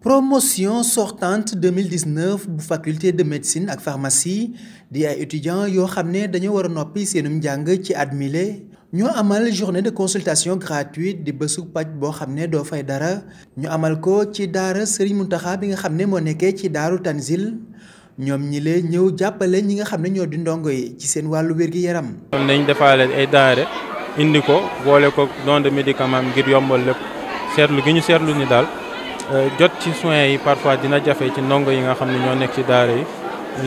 promotion sortante 2019 bu faculté de médecine ak pharmacie di ay étudiants yoo xam ne dañoo war a noppi seenum njàng ci at mile ñoo amal journée de consultation gratuite di bésu paj boo xam ne doo fay dara ñu amal ko ci daara Serigne Mountakha bi nga xam ne moo nekkee ci daaru Tanzil ñoom ñi lee ñëw jàppale ñi nga xam ne ñoo di ndongo yi ci seen wàllu wér-gi-yaram. nañ defaale ay daare indi ko boole ko don de médicament ngir yombal lépp seetlu gi ñu seetlu ni daal. jot ci soins yi parfois dina jafe ci ndongo yi nga xam ne ñoo nekk ci daara yi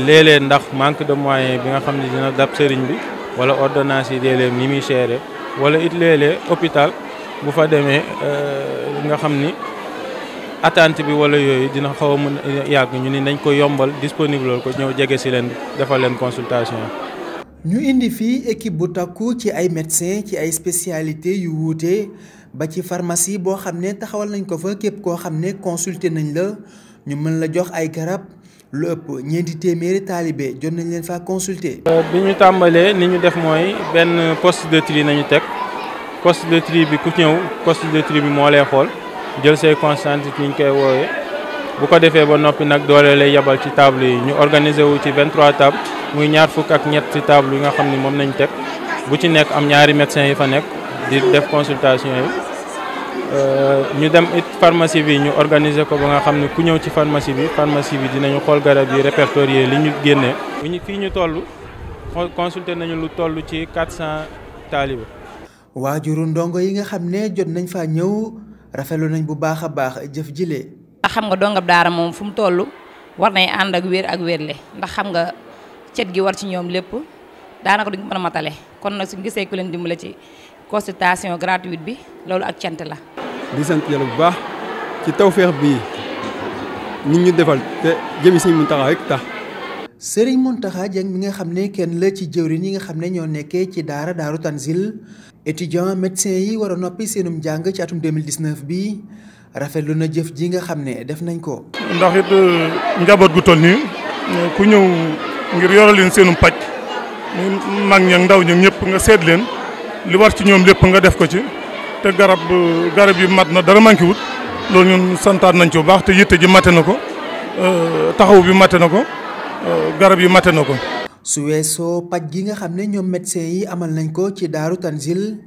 léeg ndax manque de moyen bi nga xam ne dina dab sëriñ bi wala ordonnance yi léeg-léeg ni muy chéré wala it léeg-léeg hôpital bu fa demee euh, nga xam ni attente bi wala yooyu dina xaw a mën yàgg ñu ni nañ ko yombal disponible loolu ko ñëw jege si leen defal leen consultation ñu indi fii équipe bu takku ci ay médecins ci ay spécialités yu wuute. ba ci pharmacie boo xam ne taxawal nañ ko fa képp koo xam ne consulté nañ la ñu mën la jox ay garab lu ëpp ñeenti téeméeri taalibe jot nañ leen fa consulter. Euh, bi ñu tàmbalee ni ñu def mooy benn poste de tri nañu teg poste de tri bi ku ñëw poste de tri bi moo lay xool jël say constante yi ñu koy woowe bu ko defee ba noppi nag doole lay yabal ci table yi ñu organiser wu ci 23 table muy ñaar fukk ak ñett ci table yi nga xam ni moom nañ teg bu ci nekk am ñaari médecin yi fa nekk. di def consultation yi euh, ñu dem it pharmacie bi ñu organiser ko ba nga xam ne ku ñëw ci pharmacie bi pharmacie bi dinañu xool garab yi répertorier li ñu génnee. ñu fii ñu toll consulté nañu lu tollu ci 400 taalibe. waajuru ndongo yi nga xam ne jot nañ faa ñëw rafetlu nañ bu baax a baax jëf jile. xam nga dongab daara moom fu mu toll war nay ànd ak wér ak wérle ndax xam nga cet gi war ci ñoom lépp daanaka duñ mën a matale kon nag suñ gisee ku leen dimbale ci consultation gratuite bi loolu ak cant la. di sant yàlla bu baax ci tawféex bii nit ñu defal te jëmi si Mountakha rek tax. Serigne Mountakha Dieng mi nga xam ne kenn la ci jëwriñ yi nga xam ne ñoo nekkee ci daara daaru Tanzil étudiant médecin yi war a noppi seenum jàng ci atum 2019 bi rafetlu na jëf ji nga xam ne def nañ ko. ndax euh, njaboot gu toll nii euh, ku ñëw ngir yore leen seenum paj mag ña ndaw ña ñëpp nga seet leen. li war ci ñoom lépp nga def ko ci te garab garab yi mat na dara manqué wut loolu ñun santaat nañ ci bu baax te yitte ji mate na ko euh, taxaw bi mate na ko euh, garab yi mate na ko. su weesoo paj gi nga xam ne ñoom médecin yi amal nañ ko ci daaru Tanzil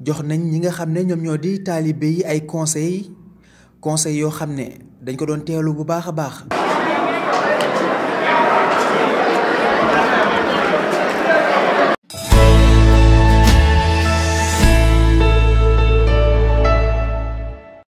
jox nañ ñi nga xam ne ñoom ñoo di taalibe yi ay conseil conseil yoo xam ne dañ ko doon teelu bu baax a baax.